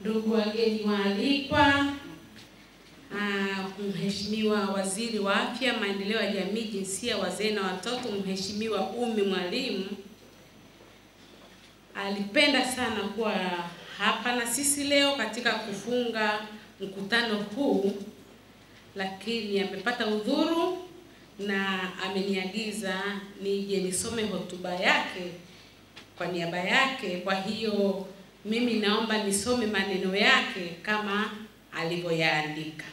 ndugu wageni waalikwa, ah, Mheshimiwa Waziri wa Afya, Maendeleo ya Jamii, Jinsia, Wazee na Watoto, Mheshimiwa Umi Mwalimu alipenda sana kuwa hapa na sisi leo katika kufunga mkutano huu, lakini amepata udhuru na ameniagiza nije nisome hotuba yake kwa niaba yake. Kwa hiyo mimi naomba nisome maneno yake kama alivyoyaandika.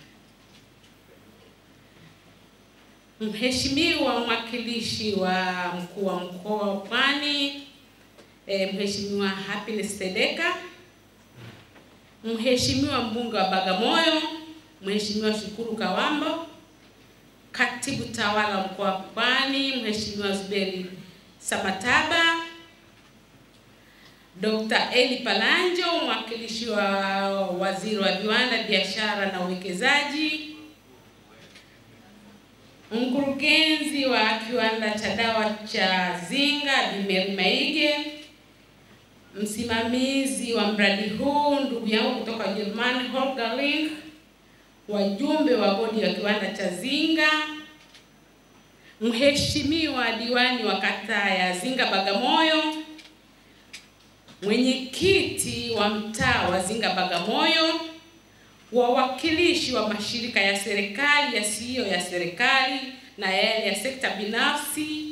Mheshimiwa mwakilishi wa mkuu wa mkoa wa Pwani, e, Mheshimiwa Happiness Tedeka, Mheshimiwa mbunge wa Bagamoyo, Mheshimiwa Shukuru Kawambo, katibu tawala mkoa wa Pwani, Mheshimiwa Zuberi Samataba, Dr. Eli Palanjo, mwakilishi wa waziri wa viwanda, biashara na uwekezaji, mkurugenzi wa kiwanda cha dawa cha Zinga Bimeri Maige, msimamizi wa mradi huu ndugu yangu kutoka Ujerumani Holger Link, wajumbe wa bodi ya kiwanda cha Zinga, mheshimiwa diwani wa kata ya Zinga Bagamoyo, mwenyekiti wa mtaa wa Zinga Bagamoyo, wawakilishi wa mashirika ya serikali, yasiyo ya serikali na yale ya sekta binafsi,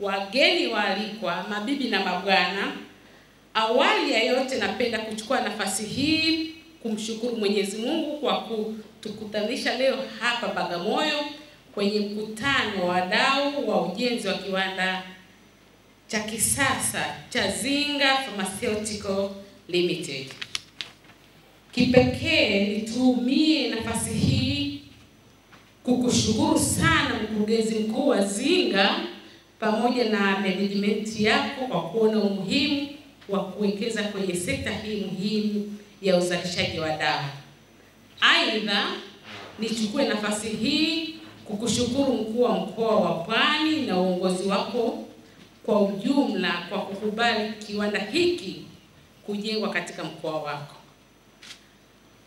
wageni waalikwa, mabibi na mabwana, awali ya yote napenda kuchukua nafasi hii kumshukuru Mwenyezi Mungu kwa kutukutanisha leo hapa Bagamoyo kwenye mkutano wa wadau wa ujenzi wa kiwanda cha kisasa cha Zinga Pharmaceutical Limited. Kipekee nitumie nafasi hii kukushukuru sana mkurugenzi mkuu wa Zinga pamoja na management yako kwa kuona umuhimu wa kuwekeza kwenye sekta hii muhimu ya uzalishaji wa dawa. Aidha, nichukue nafasi hii kukushukuru mkuu wa mkoa wa Pwani na uongozi wako kwa ujumla kwa kukubali kiwanda hiki kujengwa katika mkoa wako.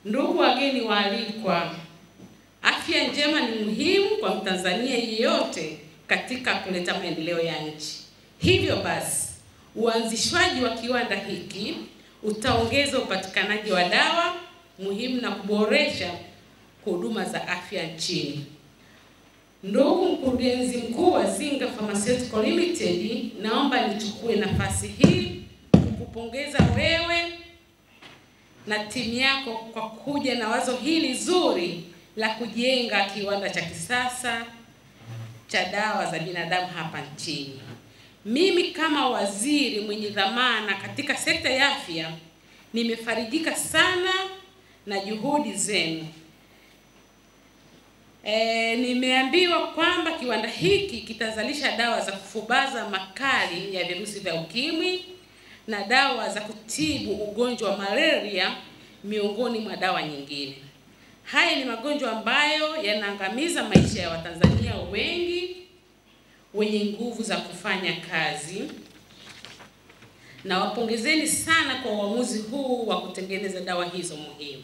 Ndugu wageni waalikwa, afya njema ni muhimu kwa Mtanzania yeyote katika kuleta maendeleo ya nchi. Hivyo basi, uanzishwaji wa kiwanda hiki utaongeza upatikanaji wa dawa muhimu na kuboresha huduma za afya nchini. Ndugu mkurugenzi mkuu wa Zinga Pharmaceutical Limited, naomba nichukue nafasi hii kukupongeza wewe na timu yako kwa kuja na wazo hili zuri la kujenga kiwanda cha kisasa cha dawa za binadamu hapa nchini. Mimi kama waziri mwenye dhamana katika sekta ya afya nimefarijika sana na juhudi zenu. E, nimeambiwa kwamba kiwanda hiki kitazalisha dawa za kufubaza makali ya virusi vya ukimwi na dawa za kutibu ugonjwa wa malaria miongoni mwa dawa nyingine. Haya ni magonjwa ambayo yanaangamiza maisha ya Watanzania wengi wenye nguvu za kufanya kazi. Na wapongezeni sana kwa uamuzi huu wa kutengeneza dawa hizo muhimu.